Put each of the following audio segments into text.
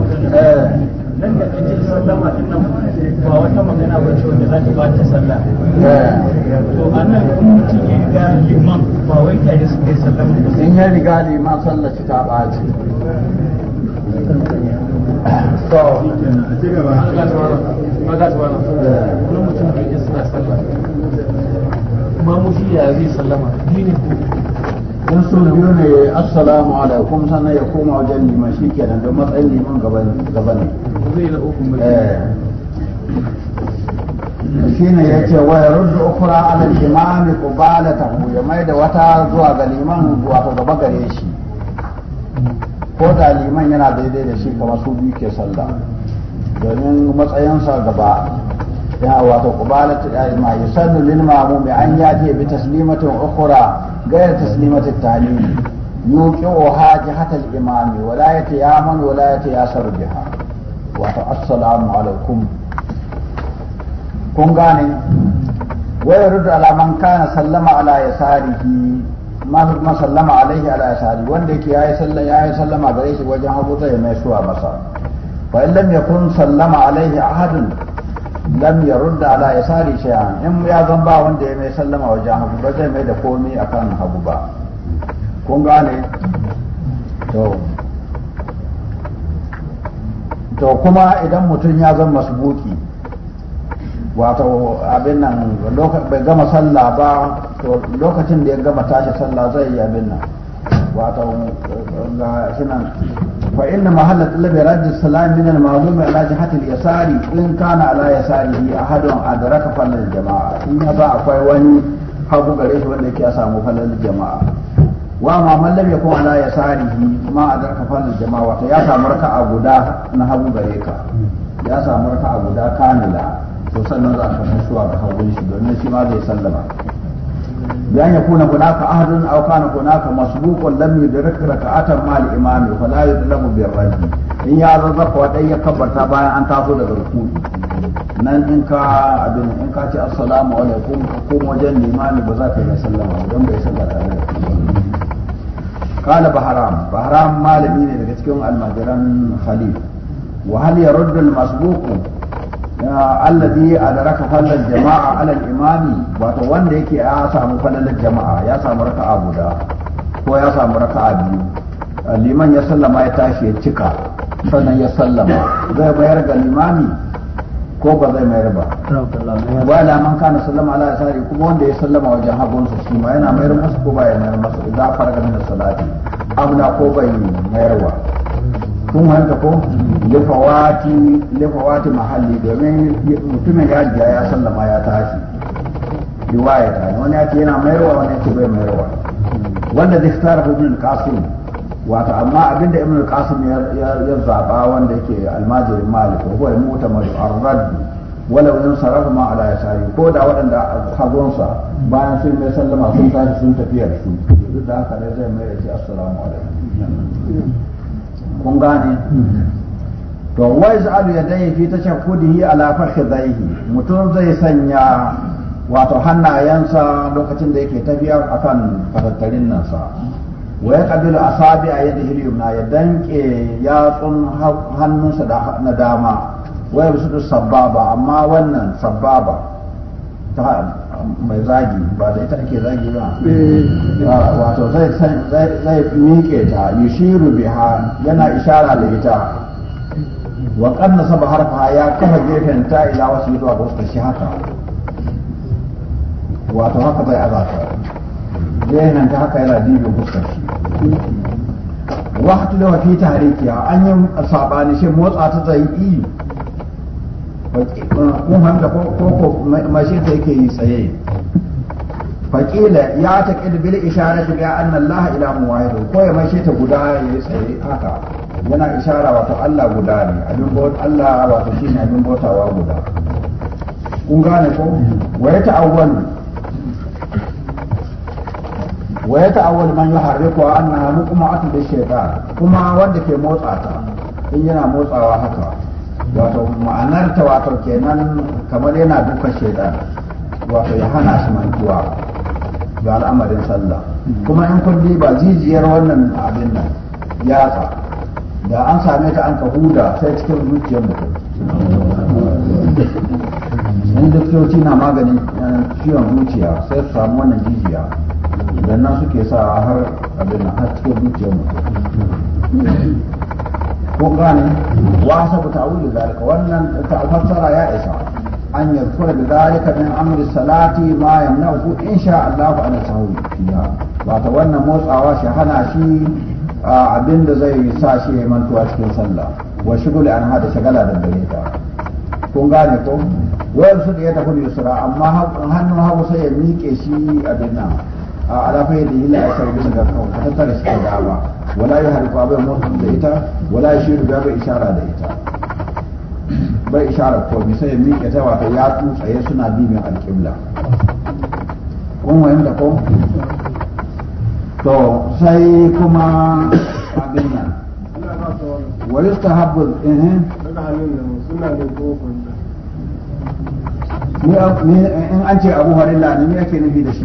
nan da kace sallama din nan ba wata magana ba ce wanda za ta ba ta sallah to anan in mutum ya riga liman ba wai ta tare su kai sallama ba in ya riga liman sallah shi ta ɓaci to ci gaba ga tsawara ga tsawara wani mutum da ya sallama ma mushi ya zai sallama dinin in sun biyu ne ya yi assalamu alaikum sannan ya koma wajen liman shi ke nan da matsayin liman gaba ne eh. shi ne ya ce wa ya rudda ukura ala ba da ta ya mai da wata zuwa ga liman wato gaba gare shi ko da liman yana daidai da shi kamar su biyu ke sallah domin matsayinsa gaba ya wato kubala yi ma yusallu mu ma'mumi an yaje bi taslimatin ukura غير تسليمة التعليم يوقعها جهة الإمام ولا يتيامن ولا يتياسر بها السلام عليكم kun gane wai rudu alaman kana sallama ala yasarihi ma sallama alaihi wanda yake yayi sallah yayi sallama gare shi wajen hagu zai mai suwa masa fa in lam yakun sallama alaihi ahadun lam ya rudda ala isari shay'a in ya zan ba wanda ya mai sallama wajen hagu ba zai mai da komai akan hagu ba kun gane to to kuma idan mutum ya zan masbuki wato abin nan bai gama sallah ba to lokacin da ya gama tashi sallah zai yi abin nan wato ga shi nan فإن محل طلب رد السلام من المعلوم على جهة اليسار إن كان على يساره أحد أدرك فن الجماعة إن يضع فيواني حب قريش ولك يسام فن الجماعة وما من لم يكن على يساره ما أدرك فن الجماعة يسام ركع غدا نهب بريكا يسام ركع غدا كاملا to sannan za a kamar suwa ga hagun shi domin shi ma zai sallama بأن يكون هناك أهل أو كان هناك مسبوق لم يدرك ركعة مع الإمام فلا يظلم بالرجل إن يرزق وأن يكبر تابعا أن تأخذ الركوع nan in ka abin in ka ce assalamu alaikum ko wajen limami ba za ka yi sallama don bai sallah tare da kala malami ne daga cikin almajiran khalil wa hal yaruddu alladhi adraka fallal jama'a ala al-imami wato wanda yake ya samu fallal jama'a ya samu raka'a guda ko ya samu raka'a biyu liman ya sallama ya tashi ya cika sannan ya sallama zai bayar ga limami ko ba zai mayar ba wala man kana sallama ala sari kuma wanda ya sallama wajen hagunsa shi ma yana mayar masa ko ba ya mayar masa idan farga da salati amna ko bai mayarwa kun wanda ko lifawati lifawati mahalli domin mutumin ya riga ya sallama ya tashi ya ta wani ya ce yana mayarwa wani ya ce bai mayarwa wanda zai tsara ibn qasim wata amma abinda ibn kasim ya zaba wanda yake almajirin malik ko huwa mu'tamar ar-radd wala wajen sarrafa ma ala yasari ko da waɗanda hagonsa bayan sun mai sallama sun tashi sun tafiyar su duk da haka ne zai mayar da assalamu alaikum kun gane mhm. to wai za'alu ya dai fi tashakkudihi ala fakhi dhaihi mutum zai sanya wato hannayensa lokacin da yake tafiya akan fatattarin nan sa wa a asabi a yadda na ya danke yatsun hannunsa na dama wai bisu sababa amma wannan sababa mai zagi ba da ita ake zagi ba eh. ah, wato zai miƙe ta yushiru biha yana ishara da ita wa kanna saba harfa ya kafa gefen ta ila wasu zuwa ga wasu shi haka wato haka zai azata gefen ta haka yana dibin fuskar shi wahtu da wafi tarikiya an yi sabani shi motsa ta zai yi kun ya ta yake yi tsaye fakila ya ta bil isharati bi anna Allah ila muwahidu ko ya mashi ta guda ya yi tsaye haka yana ishara wato Allah guda ne abin bauta Allah wato shi ne abin bautawa guda kun gane ko wa ya ta'awwal wa ya ta'awwal man yuharriku annaha muqma'atun bi shaytan kuma wanda ke motsa ta in yana motsawa haka wato ta wato kenan kamar yana dukan shaidan wato ya hana shi mantuwa ga al'amarin sallah kuma in kun ba jijiyar wannan abin nan yatsa da an same ta an ka huda sai cikin zuciyar mutum in doktoci na maganin eh, ciwon zuciya sai su samu wannan jijiya idan nan suke sa har abin har cikin zuciyar mutum Ko gane wa sabu ta'awil zalika wannan fassara ya isa an yadkura da zalika min amri salati ma yamna'u insha Allah an sahwi fiha wato wannan motsawa shi hana shi abinda zai sa shi ya mantuwa cikin sallah wa shugul an hada shagala da gare ta kun gane ko wayar su da ya tafi yusra amma hannun hagu sai ya mike shi abin nan a alafai da hila a sarbi ga kan ka tattara shi da dama wala ya harfa bai motsa da ita wala ya shiru bai ishara da ita bai ishara ko mi sai miƙe ta wato ya tsaye suna bi alƙibla kun ko to sai kuma abin nan eh, eh. ni in an ce abu harilla ne ake nufi da shi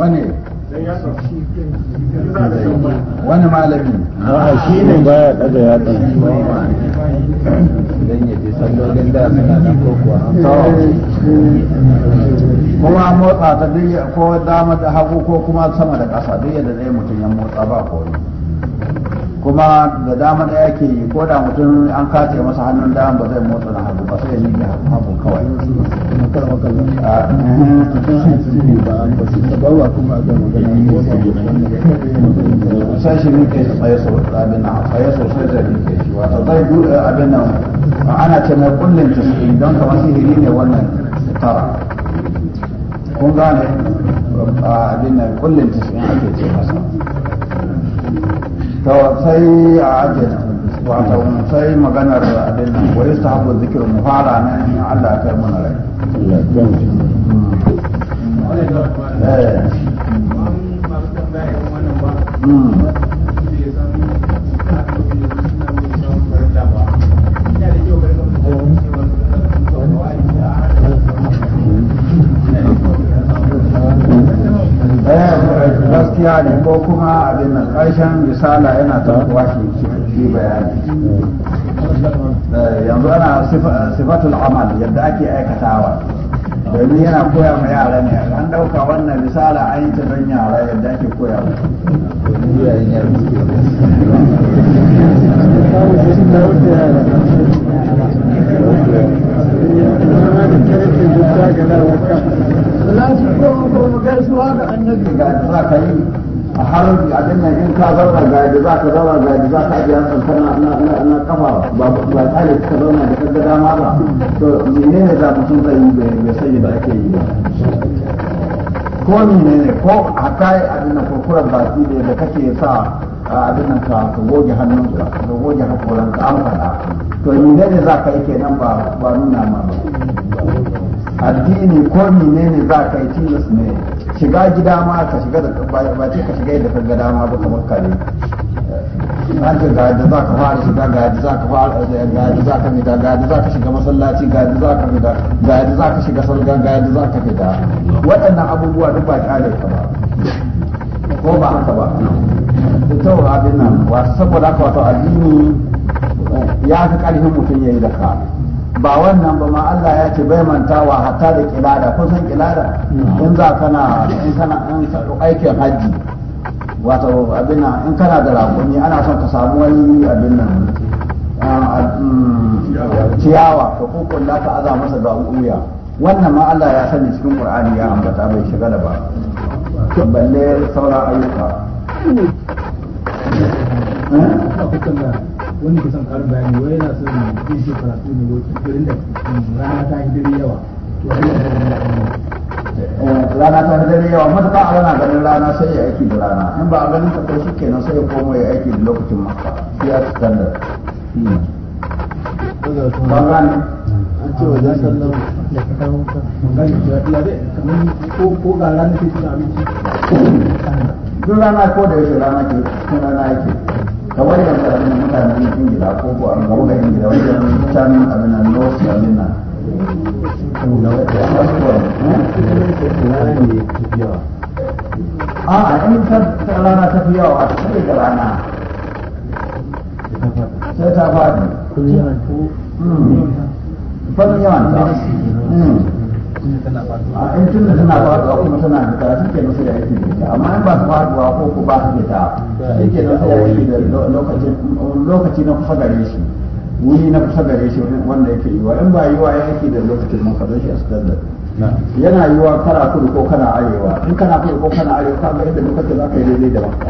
wani malami a shi ne ba ya ɗaga ya ɗan don ya sallolin da nan ko kuwa motsa ta duk ko dama da hagu ko kuma sama da ƙasa duk yadda zai mutum ya motsa ba koyi kuma da dama da ke yi ko da mutum an kace masa hannun dama ba zai motsa na hannu ba sai ya miƙe hannu kawai sai shi miƙe shi tsaye abin nan tsaye zai miƙe shi wata zai buɗe abin nan ana ce mai kullum tasiri don kamar sihiri ne wannan tara kun gane abin nan kullum ake ce masa sai a ajiyar wato sai maganar abin nan wa yusta habu zikir mu fara nan in Allah kai mana rai eh gaskiya ne ko kuma abin nan ƙarshen misala yana tabuwa shi shi bayani yanzu ana sifatul amal yadda ake aikatawa domin yana koya ma yara ne an ɗauka wannan misala an yi ta don yara yadda ake koya ma a harin a dinna in ka zauna ga yadda za ka zauna ga yadda za ka ajiye hankali kana na na na kafa ba ba tsare ka zauna da kaga dama ba to menene za mutum zai yi bai sai da ake yi ba ko menene ko a kai a dinna kurkuren baki da da kake sa a dinna ka ka goge hannunka ka goge hakoranka an fada to menene za ka yi kenan ba ba nuna ma ba addini ko menene za ka yi tilas ne shiga gida ma ka shiga da ba ce ka shiga yadda ka ga dama ba kamar ka ne eh, an ce ga za ka fara shiga ga za ka fara eh, ga da za ka fita ga da za ka shiga masallaci ga za ka fita ga da za ka shiga salga ga za ka fita waɗannan abubuwa duk ba kyale ka ba ko ba haka ba to abin nan wasu saboda haka wato addini eh, ya fi ƙarfin mutum ya yi da ka ba wannan ba ma Allah ya ce bai mantawa hatta da kilada kun san kilada in za kana in kana in aikin haji wato abin in kana da raƙumi ana son ka samu wani abin nan mm, ciyawa ka da ka aza masa ga uya wannan ma Allah ya sani cikin Qur'ani ya ambata bai shiga da ba balle sauran ayyuka eh? Wani ke son karin bayani wai yana son zai shi karatu ne garin da rana ta yi dare yawa to a yi eh, yawa matuƙa a rana ganin rana sai aiki da rana in ba a ganin kenan sai ya aiki da lokacin ya hmm. ko duk rana ko da yake rana ke rana yake ta wannan karamin mutane ne sun gida ko ko an gauna yin gida wajen mutane abin nan no samin nan a a in ka rana ta fi yawa ta fi ga rana sai ta fadi kuliyar ko fadin yawan ta In tun in tunda tana faduwa kuma tana da ta ke musu da aiki da amma in ba su faduwa ko ku ba su ta shi ke nan sai aiki da lokacin lokaci na kusa gare shi wuri na kusa gare shi wanda yake yiwa in ba yiwa ya aiki da lokacin mun kazo shi a standard yana yiwa kana kudu ko kana arewa in kana kudu ko kana arewa ka ga yadda lokacin za ka yi daidai da makka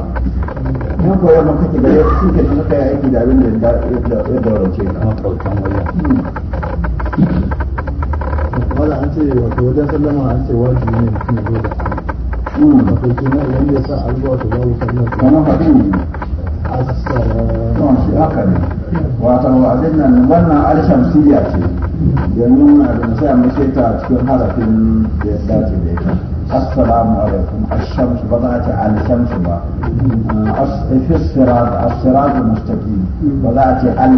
in ko yamma kake gare shi ke nan sai aiki da abin da ya daurace ka wala an ce wato wajen sallama an ce wajibi ne mutum ya zo da wato kina idan ya sa alba wato babu sallama kamar haɗin assalamu shi haka ne wato abin nan wannan alsham siriya ce ya nuna da na sai a mace ta cikin harafin da ya dace da ita assalamu alaikum ashamsu ba za a ce alshamsu ba fi sirat as-sirat mustaqim ba za a ce al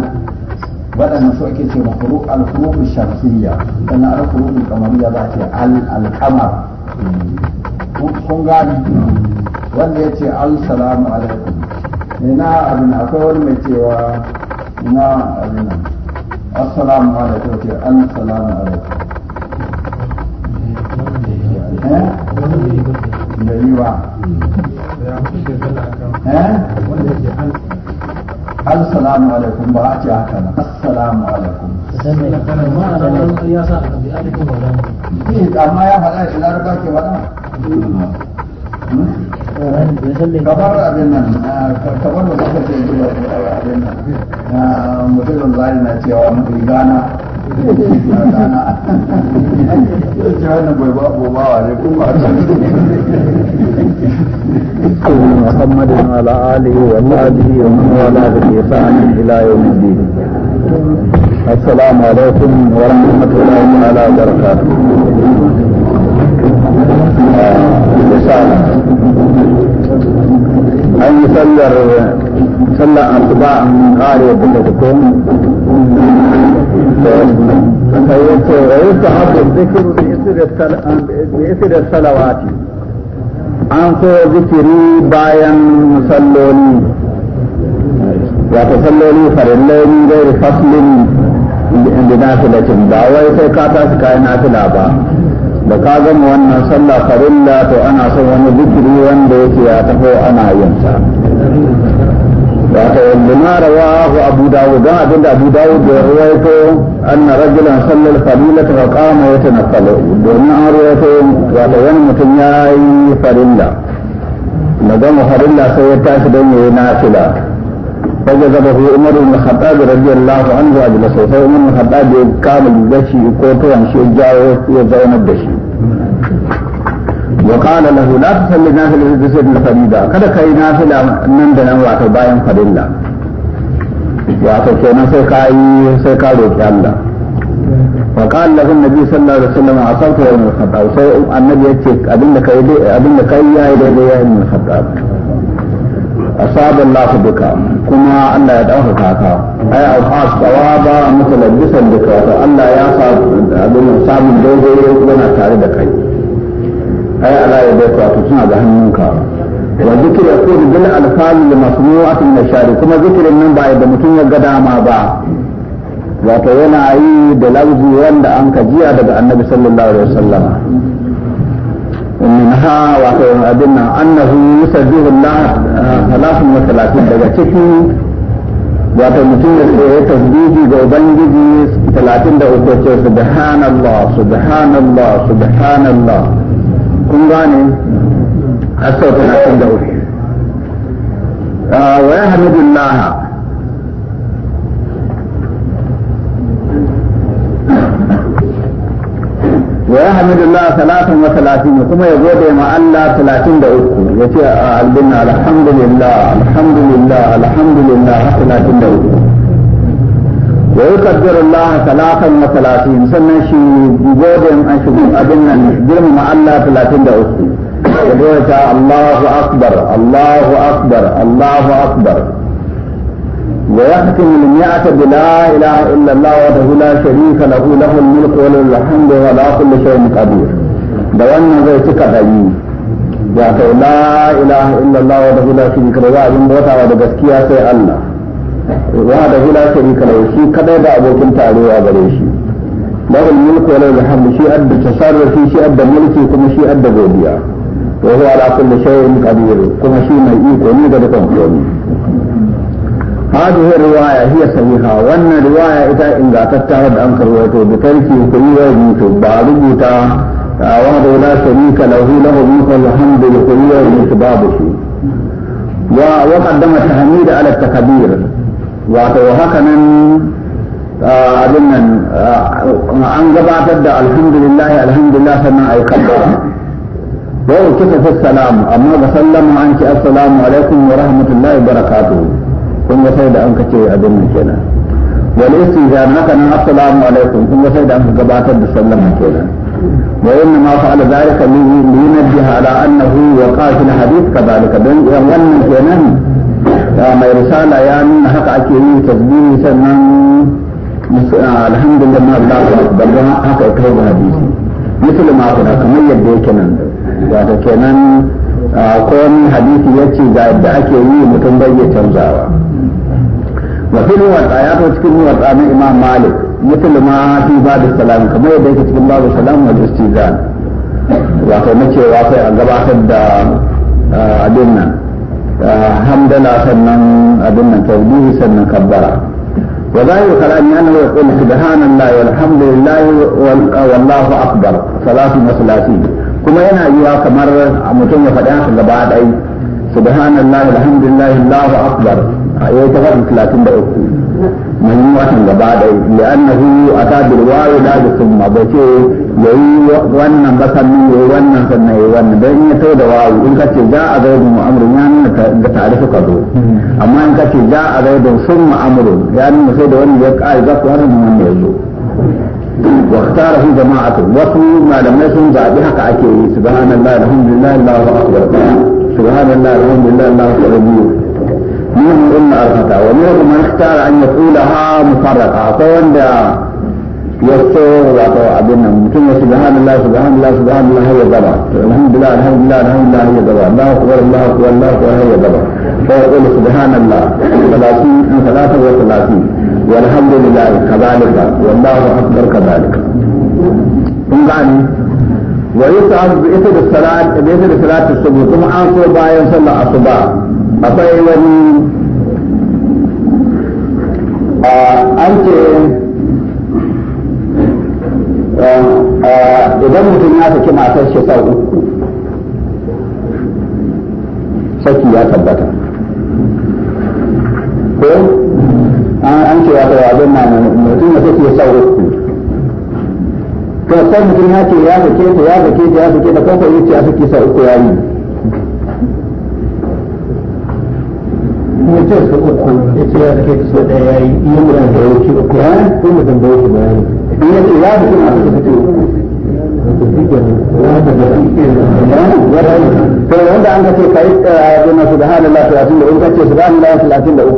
waɗannan su ake ce mafuru alfurufin shamsiyya sannan alfurufin kamariya za a ce alkamar sun gani wanda ya ce al-salamu alaikum ina abin akwai wani mai cewa na abin assalamu alaikum ce al-salamu alaikum da yi ba eh, eh? assalamu alaikum ba a ce haka na assalamu alaikum amma ya faɗa shi laraba ke faɗa kabar abin nan ah, kabar da suka ce yi wa abin nan ah, mutumin zai na cewa mafi gana محمد وعلى آله وصحبه ومن والاه بإحسان إلى يوم الدين السلام عليكم ورحمة الله تعالى وبركاته رسالة أن يسلر صلى الصباح قارئ بلدكم ويستحب الصلوات an so zikiri bayan salloli wato salloli farillai ni inda na da nafilatin ba wai sai ka su kayan nafila ba da ka gama wannan sallah farilla to ana son wani zikiri wanda yake ya taho ana yin sa wato lima rawahu abu dawud don abinda abu dawud da ruwaito anna rajulan sallal falilata wa qama wani mutum farilla gama farilla sai ya tashi yayi فجذبه عمر بن الخطاب رضي الله عنه واجلسه فعمر بن الخطاب قام بجبشه كوتو بشي وقال له لا تصلي نافلة تسير الفريضة kada kai nafila nan da nan wato bayan farilla wato kenan sai ka yi sai ka roki Allah wa qala lahu nabi sallallahu alaihi wasallam asabta yawm al-khatab sai annabi yace abinda kai dai abinda kai yayi dai dai yawm al-khatab asaba Allah bika kuma Allah ya dauka ka ai al-khas sawaba mutalabbisan bika Allah ya sa abin yana tare da kai ai ala ya bai ta suna da hannunka wa zikir ya kodi bil alfal li min shari kuma zikirin nan ba da mutum ya ga dama ba wato yana yi da lafzi wanda an jiya daga annabi sallallahu alaihi wasallama منها wato abin nan annahu yusabbihu Allah 33 ah, daga cikin ya ga 33 subhanallah subhanallah subhanallah آه، ويحمد الله ثلاثا وثلاثين ثم يقول مع الله ثلاثين دقيقة آه، يتي الحمد لله الحمد لله الحمد لله ثلاثين دقيقة wa yukaddiru Allah salatan wa talatin, sannan shi godin an shi abin nan girmama Allah uku. ya doyata Allahu akbar Allahu akbar Allahu akbar wa yahtim al-mi'ata bi la ilaha illa Allah wa la sharika lahu lahu al-mulku wa lahu al-hamdu wa la kulli shay'in qadir da wannan zai cika dari ya ta la ilaha illa Allah wa la sharika lahu abin bautawa da gaskiya sai Allah wa da hula sai ka da shi kada da abokin tarewa gare shi babal mulku wala da hamdu shi adda tasarrufi shi shi mulki kuma shi adda godiya wa huwa ala kulli shay'in qadir kuma shi mai iko ne ga dukkan komai hadhihi riwaya hiya sahiha wannan riwaya ita ingantattawa da an karwato da tarki ko yiwa ni to ba rubuta ah, wa da la sharika lahu lahu mulku wal hamdu li kulli yawmin tababu shi wa wa qaddama tahmida ala takbir wato haka nan abin nan an gabatar da alhamdulillah alhamdulillah sannan a yi kabbara yau kika fi salamu amma ga sallama an ce assalamu alaikum wa rahmatullahi wa barakatuhu kun ga sai da an kace abin nan kenan wal istizan haka nan assalamu alaikum kun ga sai da an gabatar da sallama kenan وإنما فعل ذلك لينبه على أنه وقع في الحديث كذلك بين wannan kenan. mai risala ya nuna haka ake yi tasbihi sannan ah, alhamdulillah ma ba ba ba haka ita ga hadisi muslim ma kuma kamar yadda yake nan wato kenan ah, ko hadisi yace ga yadda ake yi mutum bai ya canzawa wa fil wata ya to cikin wata na imam malik musulma ma fi ba da salam kamar yadda yake cikin babu salam wa istizan wato mace wa sai a gabatar da ah, abin nan hamdala sannan abin nan tawbihi sannan kabbara wa zahiru kalami annahu yaqulu subhanallahi walhamdulillahi wallahu akbar salatu wa salatin kuma yana yiwa kamar mutum ya faɗa haka gaba ɗaya subhanallahi walhamdulillahi allahu akbar ya ta faɗin talatin da uku mai watan gaba da ya annahu a ta birwa ya sun ma wannan ba ya wannan sannan ya wannan ya da in ka za a mu mu'amurin ya nuna amma in ka za a sun mu'amurin ya nuna sai da wani ya za ku zo واختاره جماعة وصلوا ما لم يكن بعد حق أكيد سبحان الله الحمد لله الله أكبر سبحان الله الحمد لله الله منهم إما أرفتا ومنهم من اختار أن يقولها مفرقة فوند يسوع وعطوا عبدنا ممكن سبحان الله سبحان الله سبحان الله هي ضبع الحمد لله الحمد لله الحمد لله هي ضبع الله أكبر الله أكبر الله أكبر هي ضبع فيقول سبحان الله ثلاثين ثلاثة وثلاثين والحمد لله كذلك والله أكبر كذلك kun gane wa yusuf ita da salat da ita da salatu subh kuma an so bayan sallar asuba akwai wani an ce idan mutum ya saki matar shi sau uku saki ya tabbata ko an ce ya tawa abin nan mutum ya saki sau uku to sai mutum ya ce ya sake ta ya sake ta ya sake ta ko ko ya saki sau uku ya yi kuma ce su uku ya ce ya suke su da ya yi iya mutum da yauki uku ya ko mutum da yauki bayan in ya ce ya fi kuma su suke to wanda an kace kai yana eh, subhanallah 33 in kace subhanallah 33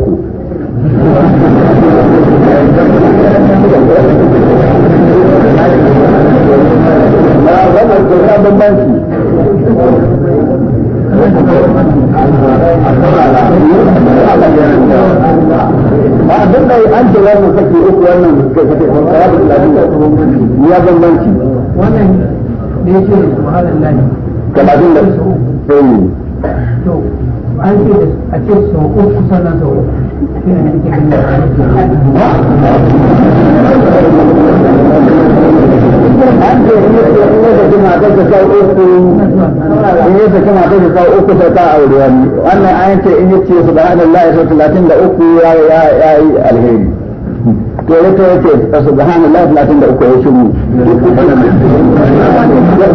na wannan kuma bambanci ba abin da an ce wannan kake uku wannan kake kake kuma ya bi lafiya ya bambanci wannan da yake subhanallahi kamar da sai to an ce a ce sau uku sannan so ake in uku wannan an ce in ce ya sau talatin da uku ya yi alheri to ya ta yake subhanallah talatin da uku ya shiru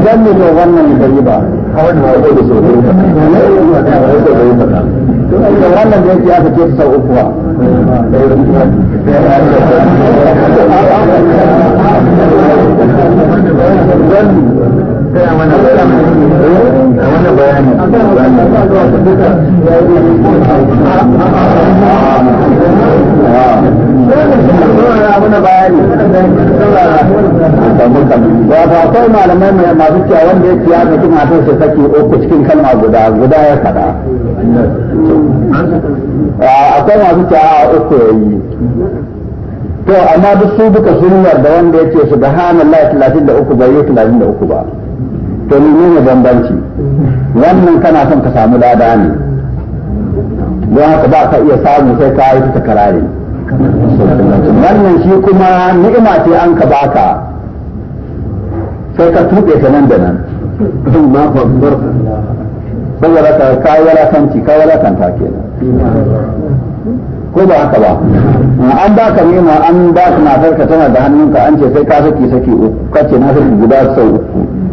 ne wannan ba wannan da yake aka ce sau uku ba don Eh, a akwai malamai mai masu cewa wanda ya ciya da kuma matar su saki uku cikin kalma guda guda ya faɗa akwai masu cewa a uku ya yi to amma duk su duka sun yarda wanda ya ce su ga hannun lai 33 bai yi 33 ba to ne bambanci wannan kana son ka samu lada ne don haka ba ka iya samu sai ka yi ta karare wannan shi kuma ni'ima ce an ka baka sai ka tuɓe ta nan da nan saboda ka kayi walakanci ka walakanta kenan ko ba haka ba an ba ka nema an ba ka matar ka tana da hannunka an ce sai ka saki saki uku kace na saki guda sau uku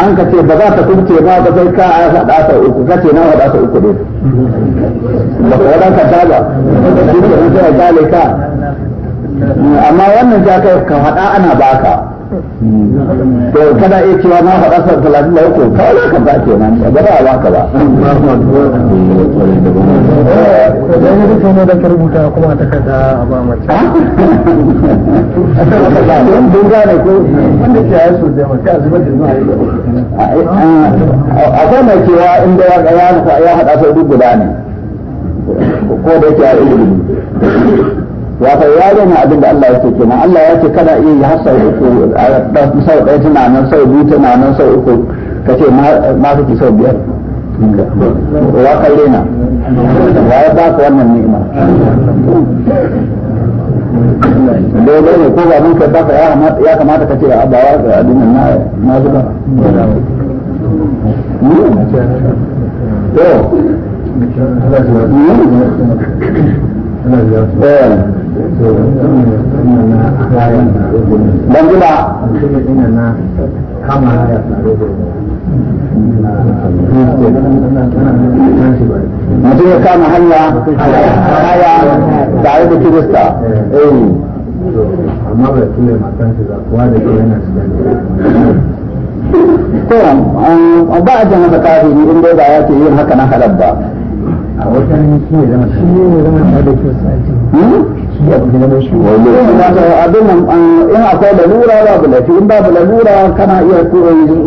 an ka ce ba za ta kunce ba ba zai ka a faɗa ta uku ka ce na faɗa ta uku ne ba ka ka ta ba shi ke nan sai ka amma wannan ja kai ka haɗa ana baka to kada iya cewa na faɗa sau talatin da uku kawai za ka ba ke nan ba za a baka ba. da kuma ta a ba mace. don gane ko wanda ke a zubar da zuwa yi. mai cewa inda ya haɗa sau duk guda ne ko da a ya fa ya gane abin da Allah yake ce kenan Allah ya ce kana iya ya sau uku sai ɗaya tana nan sai biyu tana nan sai uku kace ma ma kake sau biyar wa kalle na wa ya ba ku wannan ni'ima dole ne ko ba mun ka baka ya kamata ka ce a ba wa ga abin nan na zuba to hmm? hmm? eh. ban ji mutum ya kama hanya haya tare da kirista da to ba a jan haka in dai ya ce yin haka na halal ba a wajen shi ne zama shi ne zama tare da kirista in akwai lalura babu laifi in babu lalura kana iya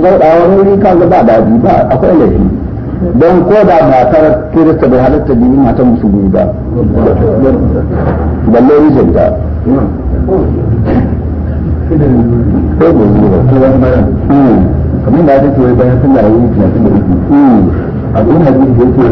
zaudawa wuri kan ba daɗi ba akwai don ko da matar kirista bai matan musulmi ba balle kamar da ake cewa bayan sun da 33 da ya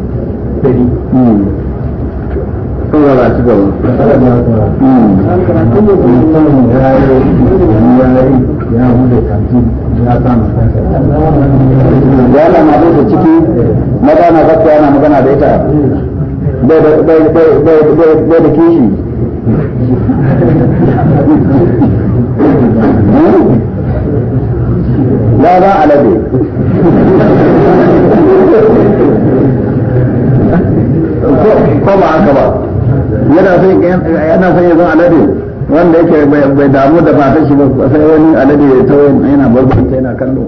dari sun hmm. gaba hmm. hmm. su da ciki maza na zafi ana magana da ita bai da kishi ya ba alade ko haka ba yana son yana son ya alade wanda yake bai damu da fatan shi ba sai wani alade ya tawo yana ta yana kallo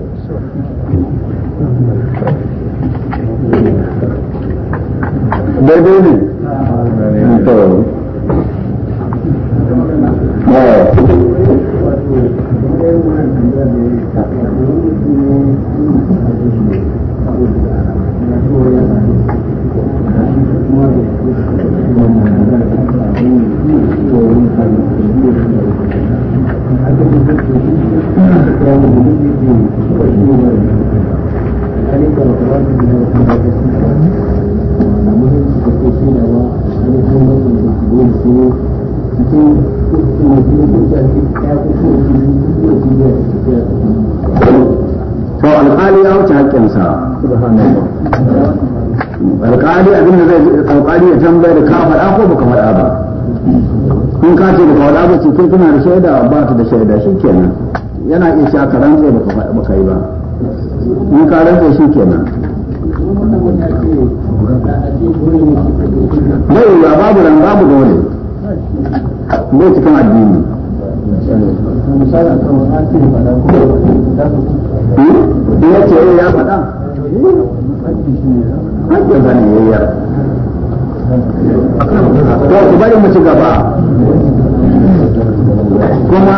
daidai ne to abin da zai alƙali ya can bai da ka faɗa ko baka faɗa ba kun ka ce baka faɗa ba ce kai kuna da shaida ba ta da shaida shi kenan yana iya sha ka rantsa baka baka yi ba in ka rantsa shikenan bai yiwuwa babu ran babu dole bai cikin addini hmm? ya ce eh, ya faɗa hajji zaniyayyar to ku bari mu ci gaba kuma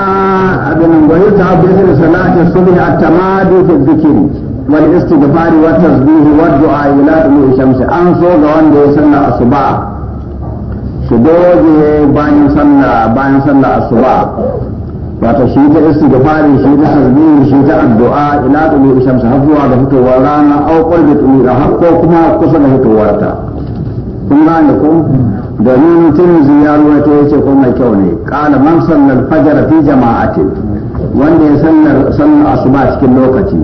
abin gwani ta abu da salati subhi at-tamadu fi dhikri wal istighfar wa tasbih wa du'a ila tulu shams an so ga wanda ya sanna asuba su doge bayan sallah bayan sallah asuba wato su yi ta istighfari su ta tasbihi su ta addu'a ila tulu shams har zuwa da fitowar rana au qalbi tulu har ko kuma kusa da fitowar ta kun gane ko domin tirmizi ya ruwaito yace ko mai kyau ne qala man sallal fajr fi wanda ya sallar sallar asuba cikin lokaci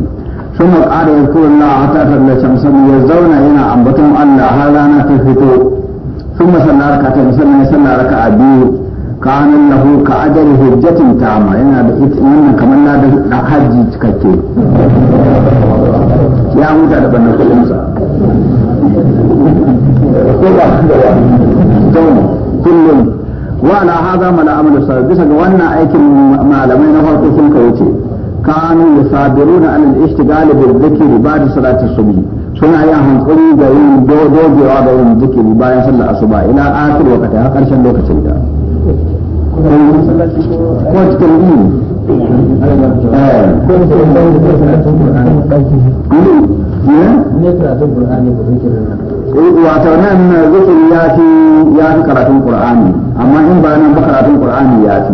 ثم قال يذكر الله ya zauna الشمس يزون هنا har الله هذا أنا تفتو ثم صلى ركعتين ثم صلى a biyu. kanan lahu ka ajar hujjatin tama yana da ita wannan kamar na da hajji cikakke ya huta da bannan kudinsa kullum wa ala hadha mala sa bisa ga wannan aikin malamai na farko sun ka wuce kanu yasabiruna an al-ishtigal bil dhikri ba'da salati subhi suna yin hankali da yin dogewa da yin zikiri bayan sallar asuba ila akhir waqti har karshen lokacin da ko cikin biyu ko cikin biyu ko karatun Qur'ani ɗauki ne karatun Qur'ani ko zikirin wato nan zikiri ya fi ya fi karatun Qur'ani amma in ba nan ba karatun Qur'ani ya fi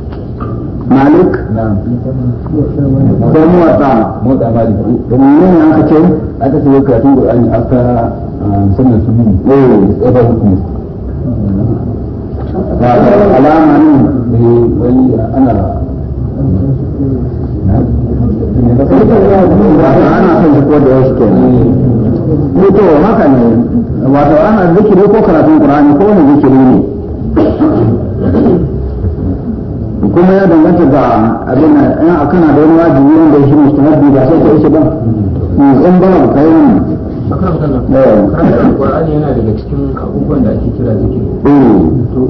مالك نعم موضع موضع مالك من عنك كيف؟ أنت سويت كاتور أن أفتى سنة سبيل إيه إبا هكمس على yi أنا ana son shi ko da yaushe ke ne eh. to haka ne wato ana zikiri ko karatun qur'ani ko wani zikiri ne kuma ya danganta ga abin nan a kana da wani wajibi wanda ya shi mustahabbi ba sai ka yi shi ba hmm, in ba ka kai wannan eh. karanta alkur'ani yana daga cikin abubuwan da ake kira zikiri hmm. to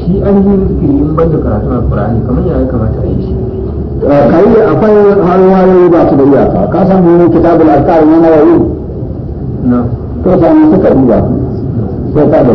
shi an yi zikiri in banda karatun alkur'ani kamar ya kamata a yi shi eh, kai akwai hanyoyi ba su da iyaka ka samu kitabul azkar na nawawi na to samu suka duba sai ka da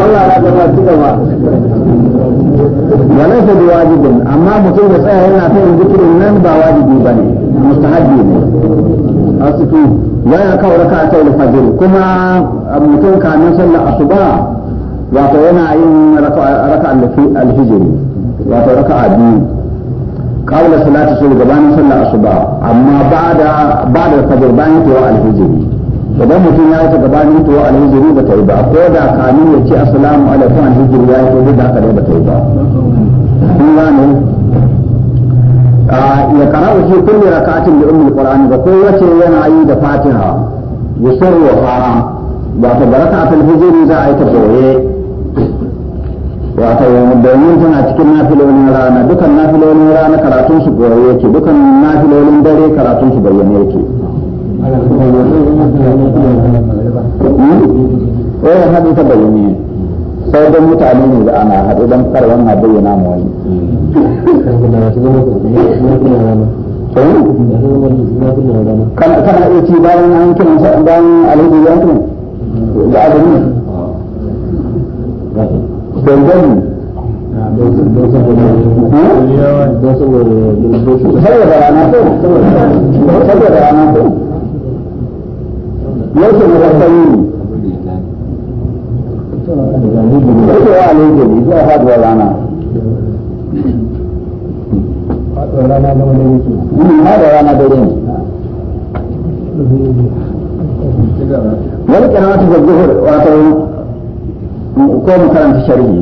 saurara gaba da gaba amma mutum da مطلوب صحيح ta yin ذكر nan ba بني ba ne a ciki yana kawo raka a sai fajr kuma mutum kamin sallar asuba wato yana yin raka alhijiri wato raka a kawula salatu su gabanin sallar asuba amma ba da fajr bayan kewa alhijiri idan mutum ya wuce gabanin tuwa alhijiri ba ta yi ba ko da kamin ya ce assalamu alaikum alhijiri ya yi ko duk da haka dai ba ta yi ba kun gane ya karau fi kulli rak'atin li ummul qur'ani ba ko wace yana yi da fatiha yusarruha wato barakatul hijri za a yi ta soye wato domin tana cikin nafilolin rana dukan nafilolin rana karatun su goye yake dukan nafilolin dare karatun su bayyane yake wani eh, hadin ta bayyane sai da mutane ne da ana haɗu don kar wannan bayyana mu wani kana iya ci bayan an kiran sa bayan alhaji ya da azumi dangane saboda rana ko saboda rana yake mu hasani yake wa ne ke ji sai haɗuwa rana haɗuwa rana da wani yake haɗuwa rana da wani wani kira wata zuhur wata ko mu karanta sharhi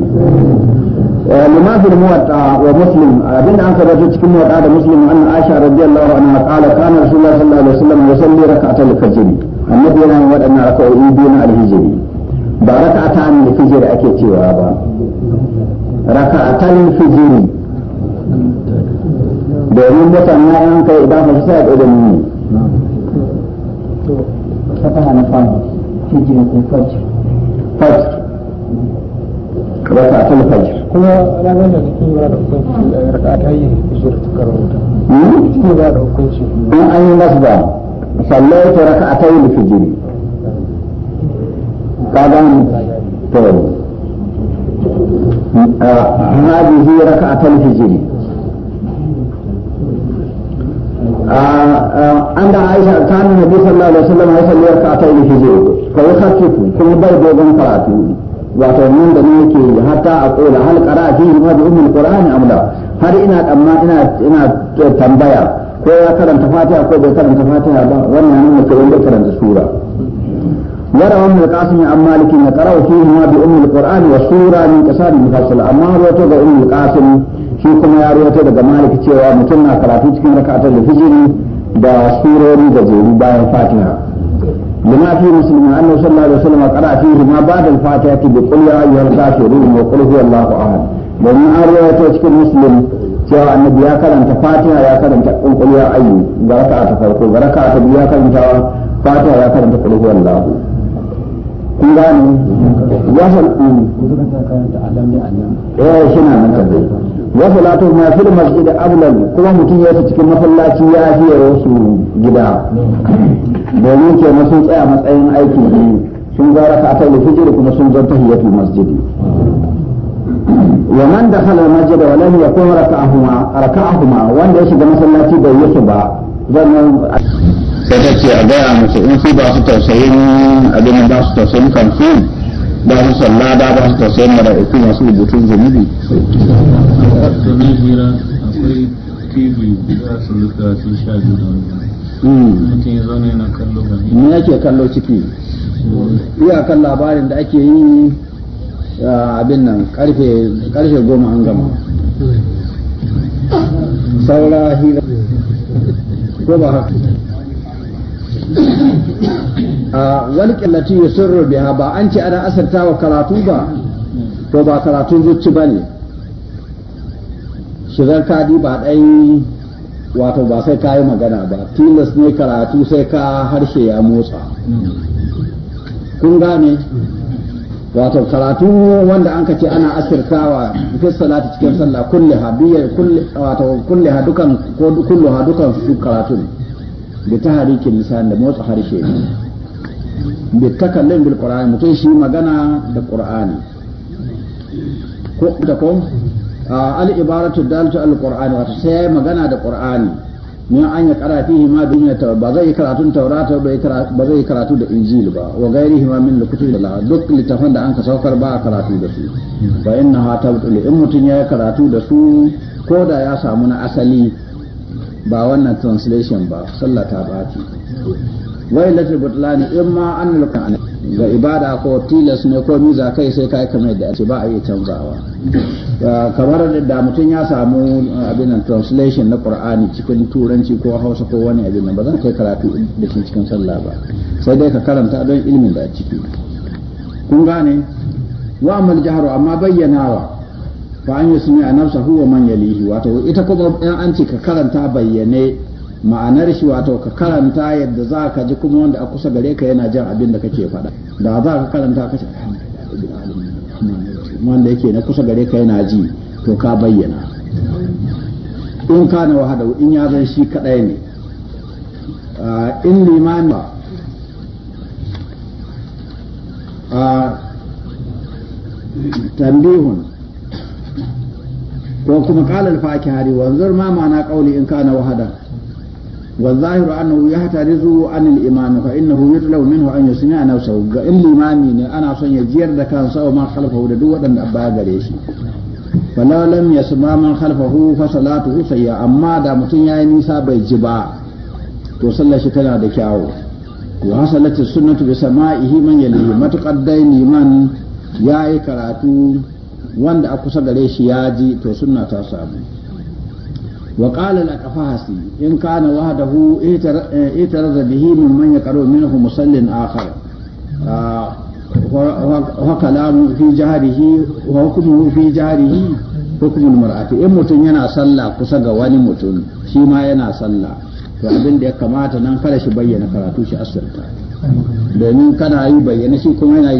لما في الموطا ومسلم ابن أنك رجل كم وطا مسلم أن عائشة رضي الله عنها قال كان رسول الله صلى الله عليه وسلم يصلي ركعة الفجر النبي أنا ود أن ركعة بين الهجر بركعتان الفجر أكيد وابا ركعة الفجر domin mutane an kai idan ba su sa da ne to fata na fara fijin ko fajr fajr raka ta fajr kuma na da cikin gara da hukunci raka ta yi عند عائشة كان النبي صلى الله عليه وسلم يصلي ركعتين فيخفف كل قراته wato nan da ni yake hatta a kola hal qara fi ma bi ummul qur'an amla har ina amma ina ina tambaya ko ya karanta fatiha ko bai karanta fatiha ba wannan ne ke wanda karanta sura وروى na qara'u fi ma bi ummul qur'an wa sura min من mufassal amma wato ga ummul qasim shi kuma ya rawaito daga maliki cewa mutum na karatu cikin raka'atul fajr da surori da jeru bayan fatiha لما في مسلم أنه صلى الله عليه وسلم قرأ فيه ما بعد الفاتحة بقل يا أيها الكافرون وقل هو الله أحد لأن أروى تشكي مسلم cewa annabi ya karanta fatiha ya karanta kulkuliya ayyu ga raka'a ta farko ga raka'a ta biyu karanta fatiha ya karanta kulhu wallah kun gane ya san eh shi na nan kadai wa salatu ma fil masjid ablan kuma mutum ya cikin masallaci ya fiye su gida domin ke na tsaya matsayin aiki ne sun gara raka ta fijr kuma sun zanta hiyatul masjidi wa man dakhala al masjid wa lam yakun raka'ahuma raka'ahuma wanda ya shiga masallaci bai yi ba wannan sai ta ce a gaya musu in su ba su tausayin abin ba su tausayin kansu ba su salla ba ba su tausayin mala'iku masu rubutun zunubi hmm. me ake kallo ciki kan labarin da ake yi abin nan karfe goma an gama saura hira ko ba haka Wani ah, wal ya yusirru biha ba an ce ana asarta wa karatu ba to ba karatu zuci ne shigar kadi ba ɗai wato ba sai ka yi magana ba tilas ne karatu sai ka harshe ya motsa kun gane wato karatu wanda an ce ana asirtawa fi salati cikin sallah kulli ha kulli wato kulli dukan ko ha dukan su karatu ne da taharikin lisan da motsa harshe bi takallin bil qur'ani mutum shi magana da qur'ani ko da ko al ibaratu dalatu al qur'ani wato sai magana da qur'ani min an ya kara fihi ma duniya ta ba zai karatu taurata ba ba zai karatu da injil ba wa gairihi ma min lukutu da duk littafan da an ka saukar ba a karatu da su fa inna ha tabtul in mutun ya karatu da su ko da ya samu na asali ba wannan translation ba sallah ta baki wai lati butlani in ma an ga ibada ko tilas ne ko miza kai sai kai kamar da ce ba a yi canzawa kamar da mutum ya samu uh, abin translation na qur'ani cikin turanci ko hausa ko wani abin ba zan kai karatu da shi cikin sallah ba sai dai ka karanta don ilimin da a ciki kun gane wa amal jaharu amma bayyanawa fa an yusmi a nafsa huwa man yalihi wato ita kuma in an ce ka karanta bayyane ma'anar shi wato ka karanta yadda za ka ji kuma wanda a kusa gare ka yana jin abin da kake faɗa da za ka karanta ka ce wanda yake na kusa gare ka yana ji to ka bayyana in ka na wahada in ya zan shi kaɗai ne ah, in limani ah, tambihun وكما قال الفاكهري وانظر ما معنى قولي إن كان وهدا والظاهر أنه يحترز عن الايمان فإنه يطلب منه أن يسمع نفسه إن الايمان أنا صن يجير ده كان سوى ما خلفه لدوة دو ودن أبا غريشي فلا لم يسمع من خلفه فصلاته سيئة أما دا متن يا نيسا بيجبا to sallar shi tana da kyawu wa hasalatu sunnatu ايمان يا man wanda a kusa gare shi ya ji to suna ta samu wa qala la in kana wahdahu da eh, bihi manya yaqaru minhu musallin akhar ah, wa kalamu fi jarihi wa hukmuhu fi jarihi hukmul mar'ati in mutum yana sallah kusa ga wani mutum shi ma yana sallah to abin da ya kamata nan kada shi bayyana karatu shi asirta domin kana yi bayyane shi kuma yana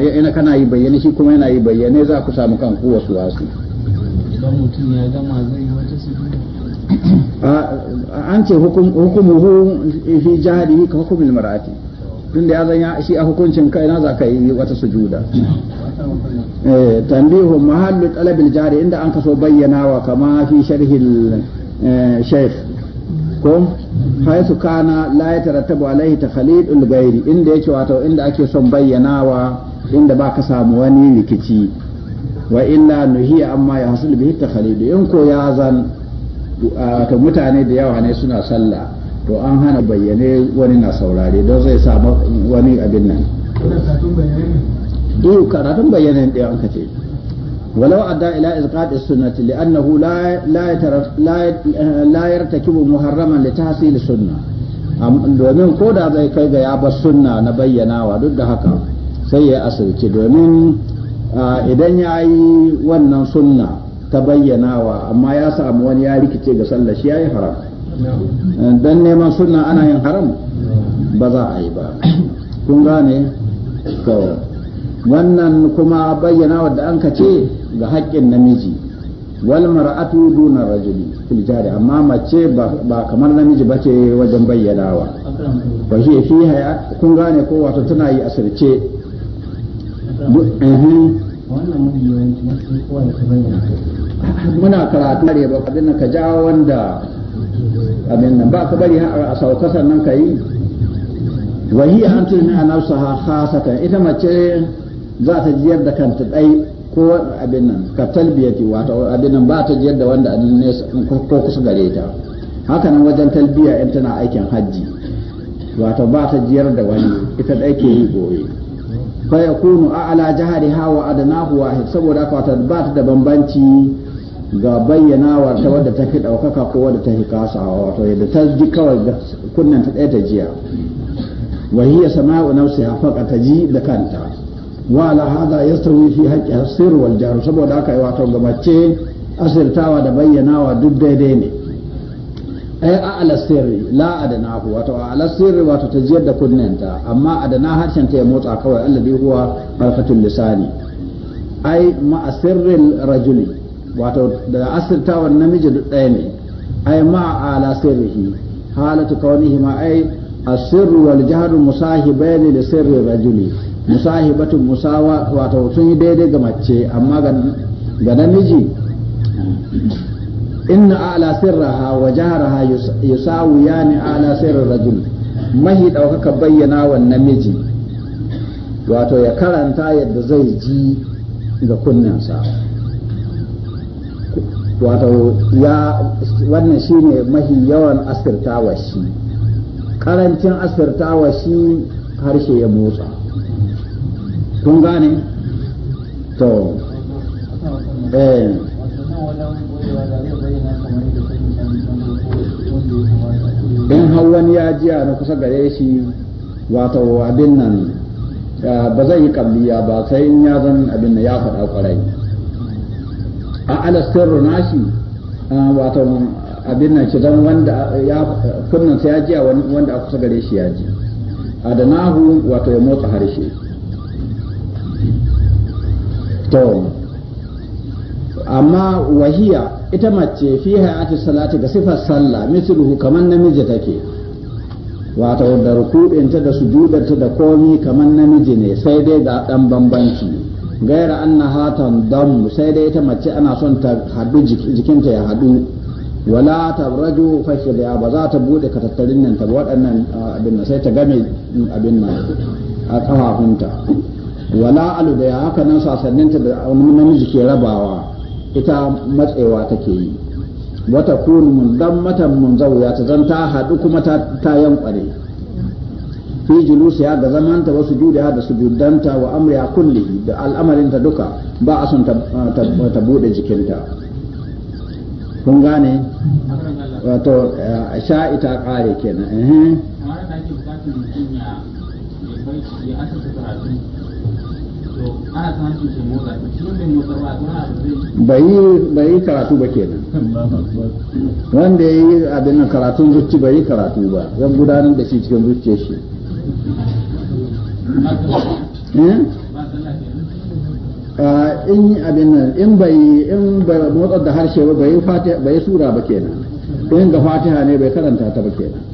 yana kana yi bayyane shi kuma yana yi bayyane za ku samu kanku wasu wasu idan mutum ya gama zai yi wata an ce hukumuhu fi jahadihi ka hukumil mar'ati da ya zanya shi a hukuncin kai na za ka yi wata sujuda eh tambihu mahallu talabil jari inda an kaso bayyanawa kama fi sharhil eh, shaykh ko haisu kana la ya tarattabu alaihi takhalidul ghairi inda yake wato inda ake son bayyanawa inda baka samu wani rikici wa illa nuhiya amma ya hasul bihi takhalidu in ko ya zan mutane da yawa ne suna sallah to an hana bayyane wani na saurare don zai samu wani abin nan karatun bayyane ne eh, karatun bayyane an ka ce ولو أدى إلى إسقاط السنة لأنه لا لا لا لا يرتكب محرما لتحصيل السنة domin ko da zai kai ga ya bar sunna na bayyanawa duk da haka sai ya asirci domin idan ya yi wannan sunna ta bayyanawa amma ya samu wani ya rikice ga sallah shi ya yi haram don neman sunna ana yin haram ba za a yi ba kun gane wannan kuma bayyanawa da an ka ce ga haƙƙin namiji wal mar'atu duna rajuli fil jari amma mace ba kamar namiji ba ce wajen bayyanawa ba shi fi kun gane ko wato tana yi asirce muna karatu ne ba kadin ka jawo wanda abin nan ba ka bari a sauka sannan ka yi wahiya an tuni a nafsa ha ita mace za ta jiyar da kanta ɗai ko abin nan ka talbiyati wato abin nan ba ta jiyar da wanda an ne ko kusa gare ta haka nan wajen talbiya in tana aikin hajji wato ba ta jiyar da wani ita da ake yi goye fa yakunu a'la jahriha wa adnahu wahid saboda haka ta ba ta da bambanci ga bayyanawa ta wadda ta fi ɗaukaka ko wadda ta fi kasawa wato yadda ta ji kawai kunnen ta ɗaya ta jiya wa hiya sama'u nafsiha faqa ta ji da kanta wa ala hada yastawi fi haqqi asir wal jar saboda haka yi wato gabace asirtawa da bayyanawa duk daidai ne ai ala sirri la adanahu wato ala sirri wato jiyar da kunnenta amma adana harshen ta ya motsa kawai alladhi huwa harfatul lisani ai ma asirril rajuli wato da asirtawar namiji duk ɗaya ne ai ma ala sirrihi halatu kaunihi ma ai asirru wal jahru musahibaini li sirri rajuli musahibatun musawa wato sun yi daidai ga mace amma ga namiji inna ala sirraha wa jaharaha yusawu yani ala sirrin rajul mahi daukaka bayyana wa namiji wato ya karanta yadda zai ji ga kunnensa wato ya wannan shine mahi yawan asirtawa shi karancin asirtawa shi harshe ya motsa sun gane to eh in har wani ya jiya na kusa gare shi wato abin nan ba zai yi kabliya ba sai in ya zan abin da ya faɗa kwarai a alastar sirru nashi wato abin nan ki zan wanda ya kunnan sai ya jiya wanda a kusa gare shi ya ji adanahu wato ya motsa harshe to amma wahiya ita mace fi hayati salati ga sifar sallah misluhu kamar namiji take wato da ta da sujudarta da komi kamar namiji ne sai dai ga dan bambanci gaira hatan dam sai dai ita mace ana son ta hadu jikinta ya hadu wala tabraju da ba za ta bude katattarin nan ta waɗannan abin sai ta game abin nan a kafafunta wala alu da ya haka nan sasanninta da namiji ke rabawa ita matsewa take yi wata kunu mun dan mata mun zauya ta zan ta haɗu kuma ta yankware fi julusi ga ta wasu juda da su sujudanta wa amriya kulli da al'amarin ta duka ba a son ta bude jikinta kun gane wato eh, sha ita kare kenan eh. bai yi karatu ba kenan wanda ya yi abin nan karatun zuci bai yi karatu ba zan gudanar da shi cikin zuci shi eh? ah, in abin nan in bai in motsar da harshe ba bai yi sura ba kenan in ga fatiha ne bai karanta ta ba kenan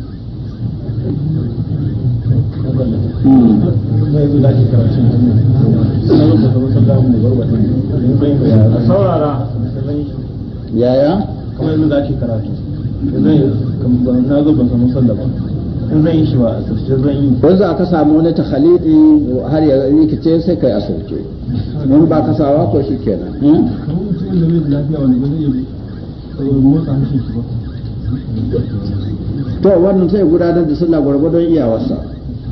da yaya kuma yanzu da ake karatu na zo ban samu in zan yi shi ba a zan yi samu wani har ya rikice sai kai a mun ba ko shi hmm? to wannan sai gudanar da sallah gwargwadon iyawarsa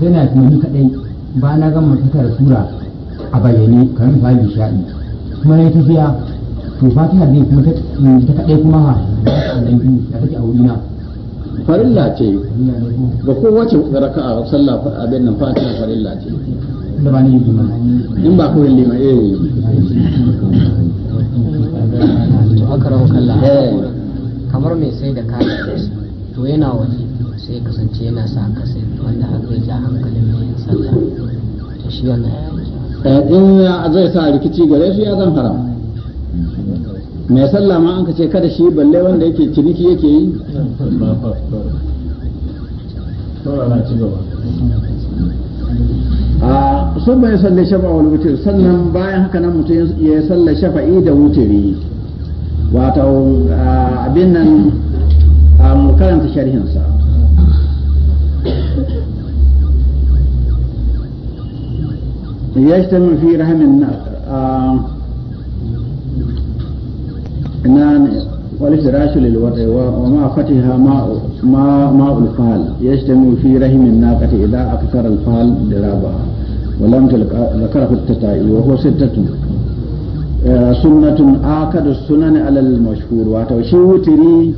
sai na tunani kaɗai ba na gama fitar sura a bayyane kamar misali sha'i kuma na yi tafiya to ba ta ne mm, kuma ta kaɗai kuma ha da take a wurina farilla ce ga kowace raka'a sallah abin nan fatiha farilla ce da ba ni liman in ba kawai liman eh akara eh. kamar mai sai da kayan to yana waje sai ya kasance yana sa kasai wanda har zai ja hankalin nauyin sallah to shi wannan eh, in zai sa rikici gare shi ya zan haram mai sallah ma an ka ce kada shi balle wanda yake ciniki yake yi a ah, sun bai shafa a wani wuce sannan bayan haka nan mutum ya sallar shafa'i da ne wato ah, abin nan ah, mu karanta sharhinsa يجتمع في رحم النار آه نعم والافتراش للوضع وما فتح ماء ماء ما الفال يجتمع في رحم الناقة إذا أكثر الفال درابها ولم ذكره التتائي وهو ستة آه، سنة آكد السنن على المشهور واتو تري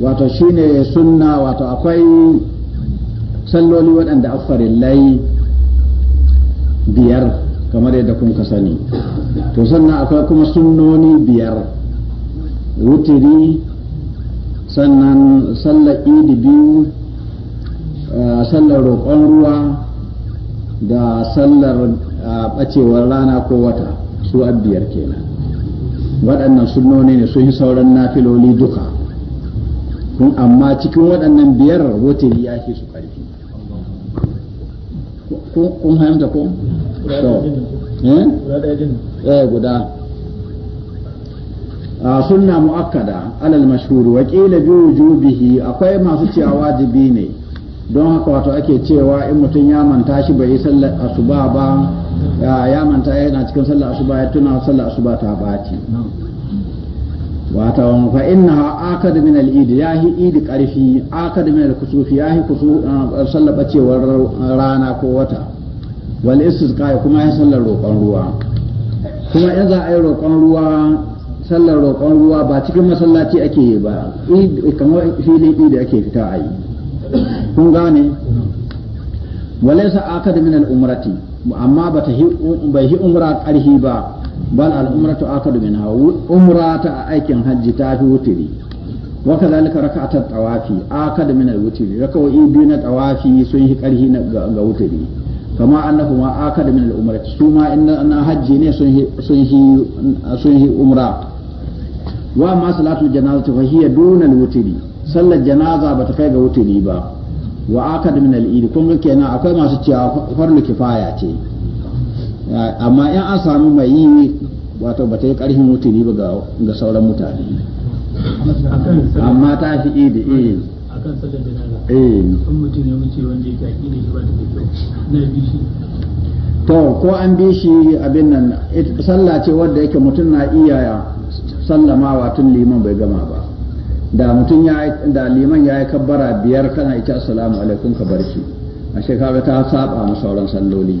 وتري سنة واتو أقوي salloli waɗanda affarin lai biyar kamar yadda kun sani to sannan akwai kuma sunnoni biyar wutiri sannan sallar idi biyu eh, sallar roƙon ruwa da sallar eh, ɓacewar rana ko wata su biyar kenan waɗannan sunnoni ne sun yi sauran nafiloli duka kun amma cikin waɗannan biyar wutiri ya fi su ƙarfi kun fahimta ko eh guda eh, sunna muakkada alal mashhur wa qila bi wujubihi akwai masu cewa wajibi ne don haka wato ake cewa in mutum ya manta shi bai yi sallar asuba ba ya manta yana cikin sallar asuba ya tuna sallar asuba ta baci wato fa aka akad min al-eid yahi eid karfi akad min al ya yahi kusu ah, sallaba cewar rana ko wata wal istisqa kuma ya sallar roƙon ruwa kuma in za a yi roƙon ruwa sallar roƙon ruwa ba cikin masallaci ake yi ba kamar filin idi ake fita a yi kun gane walaisa akad min al-umrati amma bata hi bai hi umra ƙarfi ba bal al'umratu akadu min hawu umrata a aikin hajji ta fi wutiri wa kadhalika rak'atu tawafi akadu min al-wutiri rak'o'i biyu na tawafi sun yi karhi ga wutiri kama annahuma akadu min al-umrati su ma inna hajji ne sun yi sun yi umra wa ma salatul janazati fa hiya duna al-wutiri sallar janaza ta kai ga wutiri ba wa akadu min al-idi kun kenan akwai masu cewa farlu kifaya ce amma in an samu mai yi wato ba ta yi ƙarfin mutuni ba ga sauran mutane amma ta fi ɗi eh akan sallar janaza eh mutum ya wanda ba da kyau na bi shi to ko an bi shi abin nan sallah ce wanda yake mutum na iya sallamawa tun liman bai gama ba da mutum ya da liman ya yi kabbara biyar kana ita assalamu alaikum ka barki ashe kaga ta saba mu sauran salloli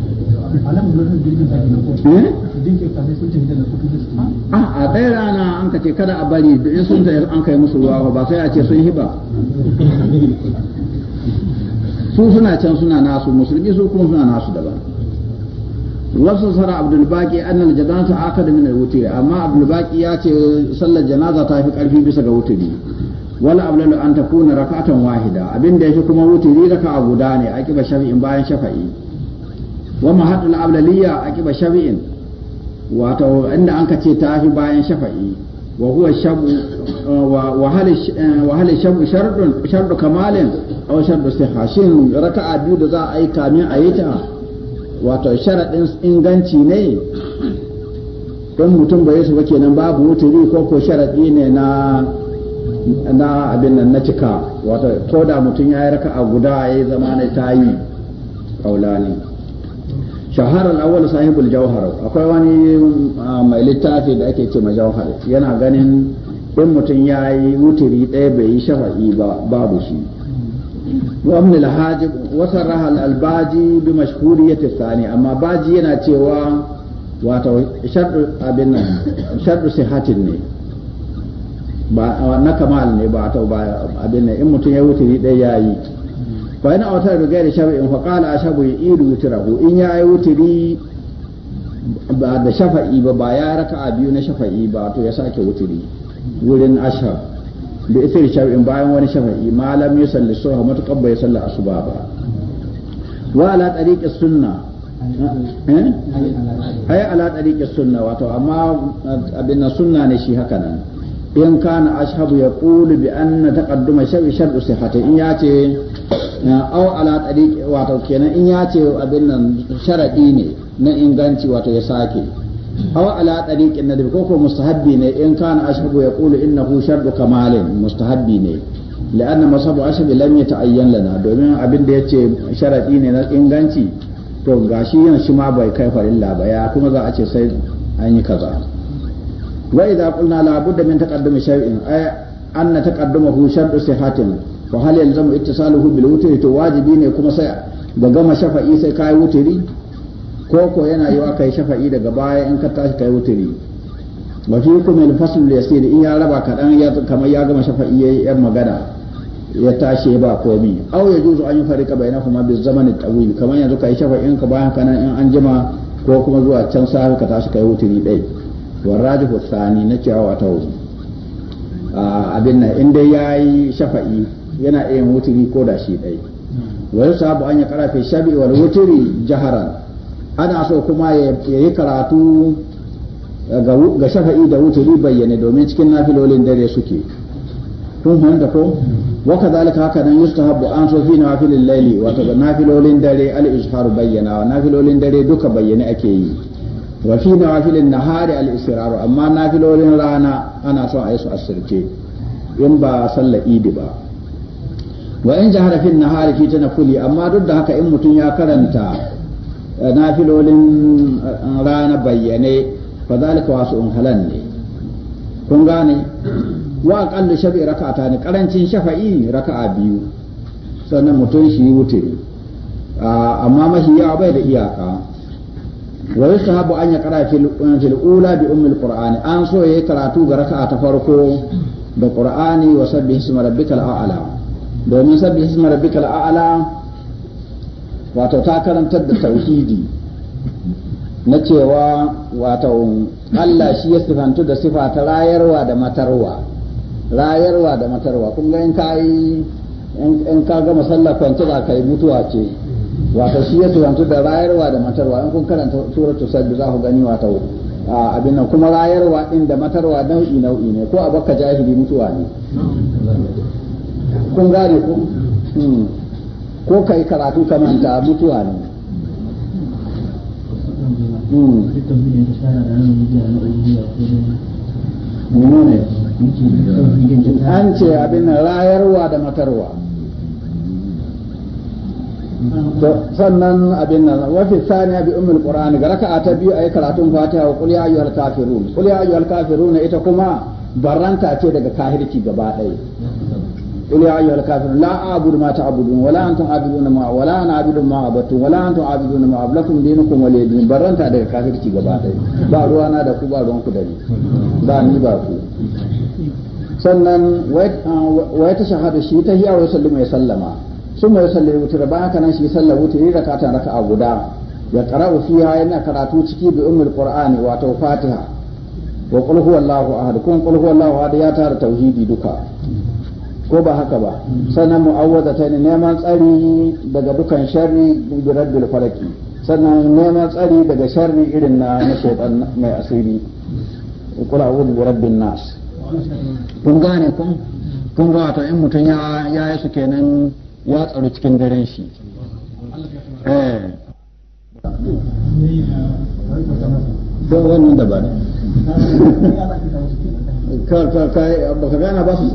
Eh? a ɗaya rana an ka ce kada a bari da in sun an kai musu ruwa ba sai a ce sun hiba su suna can suna nasu musulmi su kuma suna nasu daban wasu sara abdul baki annal janaza aka da minar wuce amma abdul ya ce sallar janaza ta fi karfi bisa ga wuturi wala ablalu an takuna rak'atan wahida abinda ya fi kuma wuturi raka'a guda ne a kiba shafi'in bayan shafa'i wa mahadul a aqiba shafi'in wato inda an kace tafi bayan shafa'i wa huwa shabu wa shabu shardun shardu kamalin aw shardu sihha shin raka'a biyu da za a yi kamin a yi ta wato sharaɗin inganci ne don mutum bai su ba kenan babu mutuli ko ko sharaɗi ne na na abin nan na cika wato ko da mutum ya yi raka'a guda ya yi zama na tayi kaulani Shaharar al-awwal sahibul jawhar akwai wani ah, mai littafi da ake ce ma jawhar yana ganin in mutum ya yi wuturi ɗaya bai yi shafa'i ba babu shi وابن الحاجب وصرها الباجي بمشهورية الثاني baji باجي yana cewa wato sharɗu abin nan sharɗu sihatin ne ba na kamal ne ba ta ba abin nan in mutum ya wuturi ni ɗaya yayi fa ina autar da gairi shafi'in fa qala ashabu ya'idu wutirahu in ya yi wutiri ba da shafa'i ba ba ya a biyu na shafa'i ba to ya sake wutiri wurin ashab da isir shafi'in bayan wani shafa'i malam ya salli suha matukar bai salli asuba ba wa ala tariqi sunna eh ai ala tariqi sunna wato amma abin sunna ne shi haka nan in kana ashabu ya kulu bi anna taqadduma shar'i shar'u sihhati in ya ce aw ala tariq wato kenan in ya ce abin nan sharadi ne na inganci wato ya sake aw ala tariq na da koko mustahabbi ne in kana ashabu ya qulu innahu shar'u kamalin mustahabbi ne la'anna masabu ashabi lam yata'ayyan lana domin abin da yace sharadi ne na inganci to gashi yana shi ma bai kai farilla ba ya kuma za a ce sai an yi kaza wa idza qulna la budda min taqaddumi shay'in ay anna taqaddumahu shartu sihatin fa hal yalzamu ittisaluhu bil wutri to wajibi ne kuma sai da gama shafa'i sai kai wuturi ko ko yana yiwa kai shafa'i daga baya in ka tashi kai wutri wa fi hukum al in ya raba kadan ya kamar ya gama shafa'i yayin magana ya tashi ba komi aw ya juzu an yi farika bainahuma bi zamanin tawil kamar yanzu kai shafa'in ka bayan kana in an jima ko kuma zuwa can safe ka tashi kai wutri dai warajihu sani na cewa wata abin nan in dai ya yi shafa'i yana iya wuturi ko da shi ɗai wani sabu an ya karafe shabi wuturi jaharan ana so kuma ya yi karatu ga shafa'i da wuturi bayyane domin cikin nafilolin dare suke kun fahimta ko wa kadhalika haka nan yustahabbu an so fi nafilil laili wato nafilolin dare al izhar bayyana nafilolin dare duka bayyane ake yi wa fi nawafilin nahari al-israru amma nafilolin rana ana son a yi su asirce in ba sallar idi ba wa in jahara fi nahari fi tanafuli amma duk da haka in mutum ya karanta eh, nafilolin eh, rana bayyane fa zalika wasu un halan ne kun gane wa aqallu shafi raka'ata ne karancin shafa'i raka'a biyu sannan mutum shi wuce ah, amma mahiya bai da iyaka wa yusahabu an yaqra fil ula bi ummi alqur'ani an so yayi karatu ga raka'a ta farko da qur'ani wa sabbih isma rabbikal a'la domin sabbih isma rabbikal a'la wato ta karantar da tauhidi na cewa wato Allah shi ya sifantu da sifa ta rayarwa da matarwa rayarwa da matarwa kun ga in ka in ka ga sallah kwanci za ka yi mutuwa ce wato shi ya turantu da rayarwa da matarwa in kun karanta suratul sabbi za ku gani wato abin nan kuma rayarwa din da matarwa nau'i nau'i ne ko a bakka jahili mutuwa ne kun gane ku hmm. ko kai karatu ka manta mutuwa ne hmm. an ce abin rayarwa da matarwa to sannan abin nan wa fi sani bi ummul qur'ani ga raka'a ta biyu ayi karatun fatiha wa qul ya ayyuhal kafirun qul ya ayyuhal kafirun ita kuma barranta ce daga kafirci gaba daya. qul ya ayyuhal kafirun la a'budu ma ta'budun wa la antum a'budun ma wa la ana a'budu ma abattu wa la antum a'budun ma ablakum dinukum wa li din barranta daga kafirci gaba daya ba ruwana da ku ba ruwan ku da ni ba ni ba ku sannan wa ya ta shahada shi ta hiya wa sallama ya sallama sun mai sallar da bayan haka nan shi sallar wuturi rakata raka'a guda ya qara'u fiha yana karatu ciki bi ummul qur'ani wato fatiha wa qul huwallahu ahad kun qul huwallahu ahad ya tara tauhidi duka ko ba haka ba sannan mu'awwadatayn neman tsari daga dukan sharri bi rabbil falaki sannan neman tsari daga sharri irin na na shaytan mai asiri qul a'udhu bi rabbin nas kun gane kun kun ga to in mutun ya ya yi su kenan ya tsaro cikin daren shi ko eh. wannan da ba ka ka gana ba su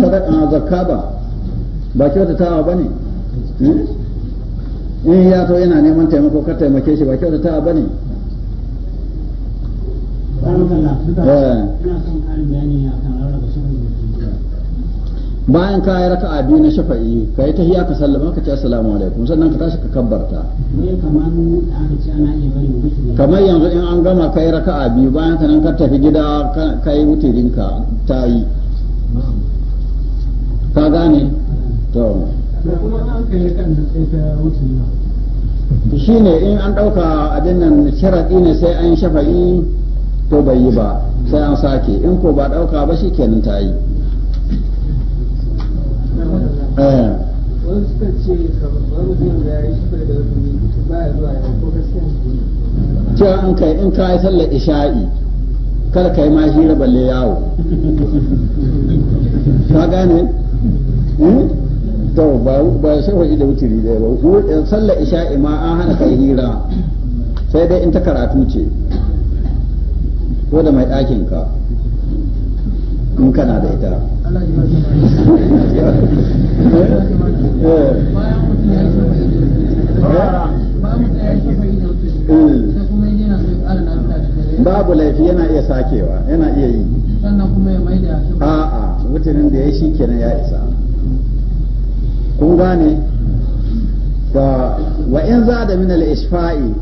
sadaka zakka ba ba kyauta ta ba ne hmm? in ya to yana neman taimako ka taimake shi ba kyauta ta ba ne bayan ka yi raka'a biyu na shafa'i ka yi tahiyya ka sallama ka ce assalamu alaikum sannan ka tashi ka kabbarta kamar yanzu in an gama ka yi raka'a biyu bayan ka nan ka tafi gida ka yi ka ta yi ka gane to shi ne in an ɗauka abin nan sharaɗi ne sai an shafa'i to bai yi ba sai an sake in ko ba ɗauka ba shi kenan ta yi wani suka ce kamar mutum ya yi shi da rukuni ba ya zuwa yau ko gaskiya ce an kai in ka yi sallar isha'i kar ka yi ma hira balle yawo ka gane hmm? to ba ba sai waje da wutiri da ba in eh, sallar isha'i ma an hana kai hira sai dai in ta karatu ce ko da mai ɗakin ka in kana da ita babu laifi yana iya sakewa yana iya yi sannan kuma ya da maida a'a wutanin da ya shi kenan ya isa kun gane wa in za da min al-ishfa'i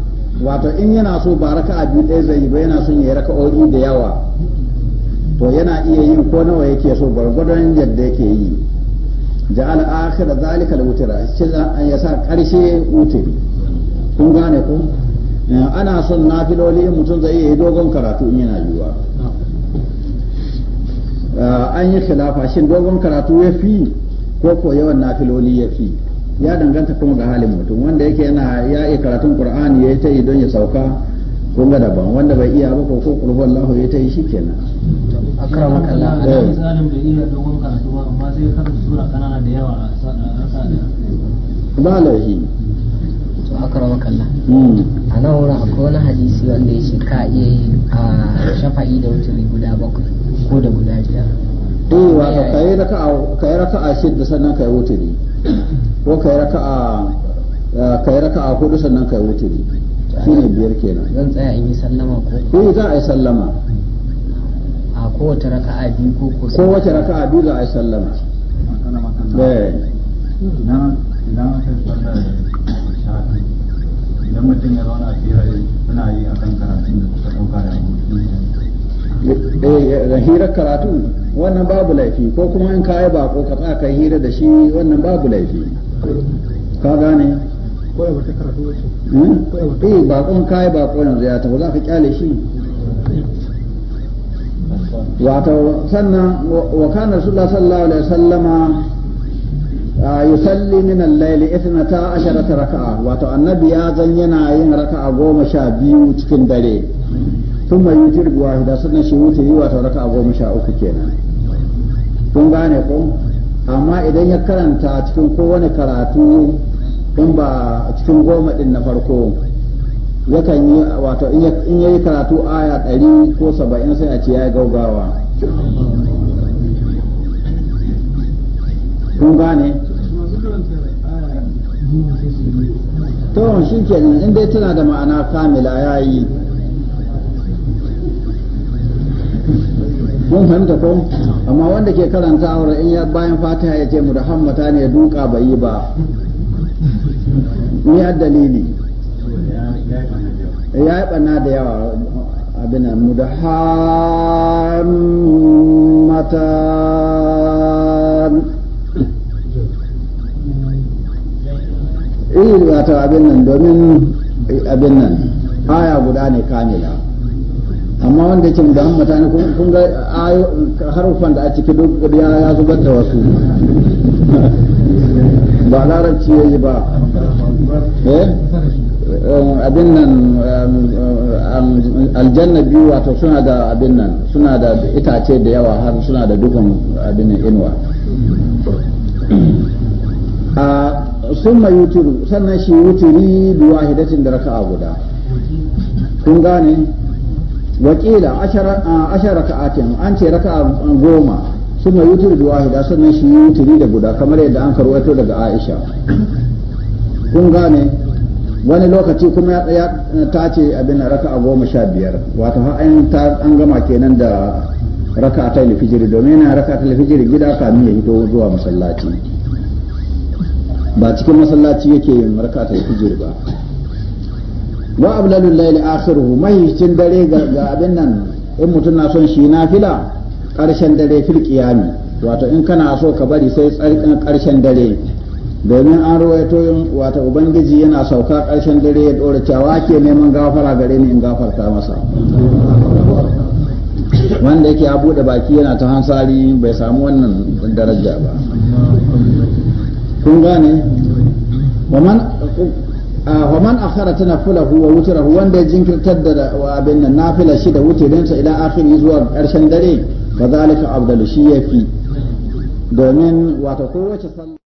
wato in yana so ba raka'a biyu ɗaya zai yi ba yana son ya yi raka'o'i da yawa to yana iya yin ko nawa yake so gwargwadon yadda yake yi ja'al akhira zalika da wutira shi ya sa karshe wutiri kun gane ko ana son nafiloli mutum zai yi dogon karatu in yana yiwa ah, an yi khilafa shin dogon karatu ya fi ko ko yawan nafiloli ya fi ya danganta kuma ga halin mutum wanda yake yana ya yi karatun qur'ani ya yi ta idon ya sauka kun ga daban wanda bai iya ba ko ko kulhu Allahu ya tayi shikenan akrama kallah eh. ana misalin bai iya dogon karatu ba amma sai kan sura kanana da yawa a sa ba lahi to akrama kallah hmm. a nan wurin akwai wani hadisi wanda ya ce ka iya yi a shafa'i da wuturi guda bakwai ko da guda biyar eh wato kai raka'a kai raka'a shidda sannan kai wuturi ko kai raka'a eh, kai raka'a hudu sannan kai wuturi shi ne biyar kenan zan tsaya in yi sallama ko ko za a yi sallama a kowace raka'a biyu ko ko kowace raka'a biyu za a yi sallama eh na na idan mutum ya zauna fiye suna yi a kan karatun da kuka ɗauka da eh, eh, da hirar karatu wannan babu laifi ko kuma in kayi bako ka tsaka hira da shi wannan babu laifi ka gane ko ya karatu wace eh bakon kai bakon yanzu ya tafi za ka kyale shi wato sannan wa kana rasulullah sallallahu alaihi wasallama yusalli min al-layli ithnata asharata raka'a wato annabi ya zan yana yin raka'a goma sha biyu cikin dare tun mai yutir wahida sannan shi wuce yi wato raka'a goma sha uku kenan kun gane ko amma idan ya karanta cikin kowane karatu in ba cikin goma din na farko yakan yi wato in yayi karatu aya ɗari ko saba'in sai a ce ya gaugawa kun gane to shi ke nan in dai tana da ma'ana kamila ya yi mun fahimta ko amma wanda ke karanta aure in ya bayan fatiha ya ce mu da hammata ne duka bai yi ba ni ya dalili ya yi ɓanna da yawa abin nan mu da hamatan iri wato abin nan domin abin nan aya guda ne kamila amma wanda ke mu da hamatan kun ga harufan da a ciki duk ya zubar da wasu ba larabci ya yi ba Eh? Eh, abin nan eh, aljanna biyu wato suna da abin nan suna da itace da yawa har suna da dukan abin inuwa a ah, sun mai wuturu sannan shi wuturi biwa hidatin da raka'a guda kun gane wakila ashar ah, raka'atin an ce raka'a goma sun mai wuturu biwa hida sannan shi wuturi da guda kamar yadda an karwato daga aisha kun gane wani lokaci kuma ya tace abin a goma sha biyar wato ta an gama kenan da raka ta fijiri domin yana raka ta fijiri gida kamin ya hito zuwa masallaci ba cikin masallaci yake yin raka ta fijiri ba wa ablalul layli akhiruhu mahicin dare ga abin nan in mutum na son shi na fila karshen dare fil qiyami wato in kana so ka bari sai tsarkin karshen dare domin an ruwaito wata ubangiji yana sauka ƙarshen dare ya ɗora cewa ke neman gafara gare ni in gafarta masa wanda yake a buɗe baki yana ta hansari bai samu wannan daraja ba kun gane waman akhara tana fula huwa wutura wanda ya jinkirtar da abin nan fila shi da wutirinsa idan akhiri zuwa ƙarshen dare ba zalika abdalu shi ya fi domin wata kowace sallah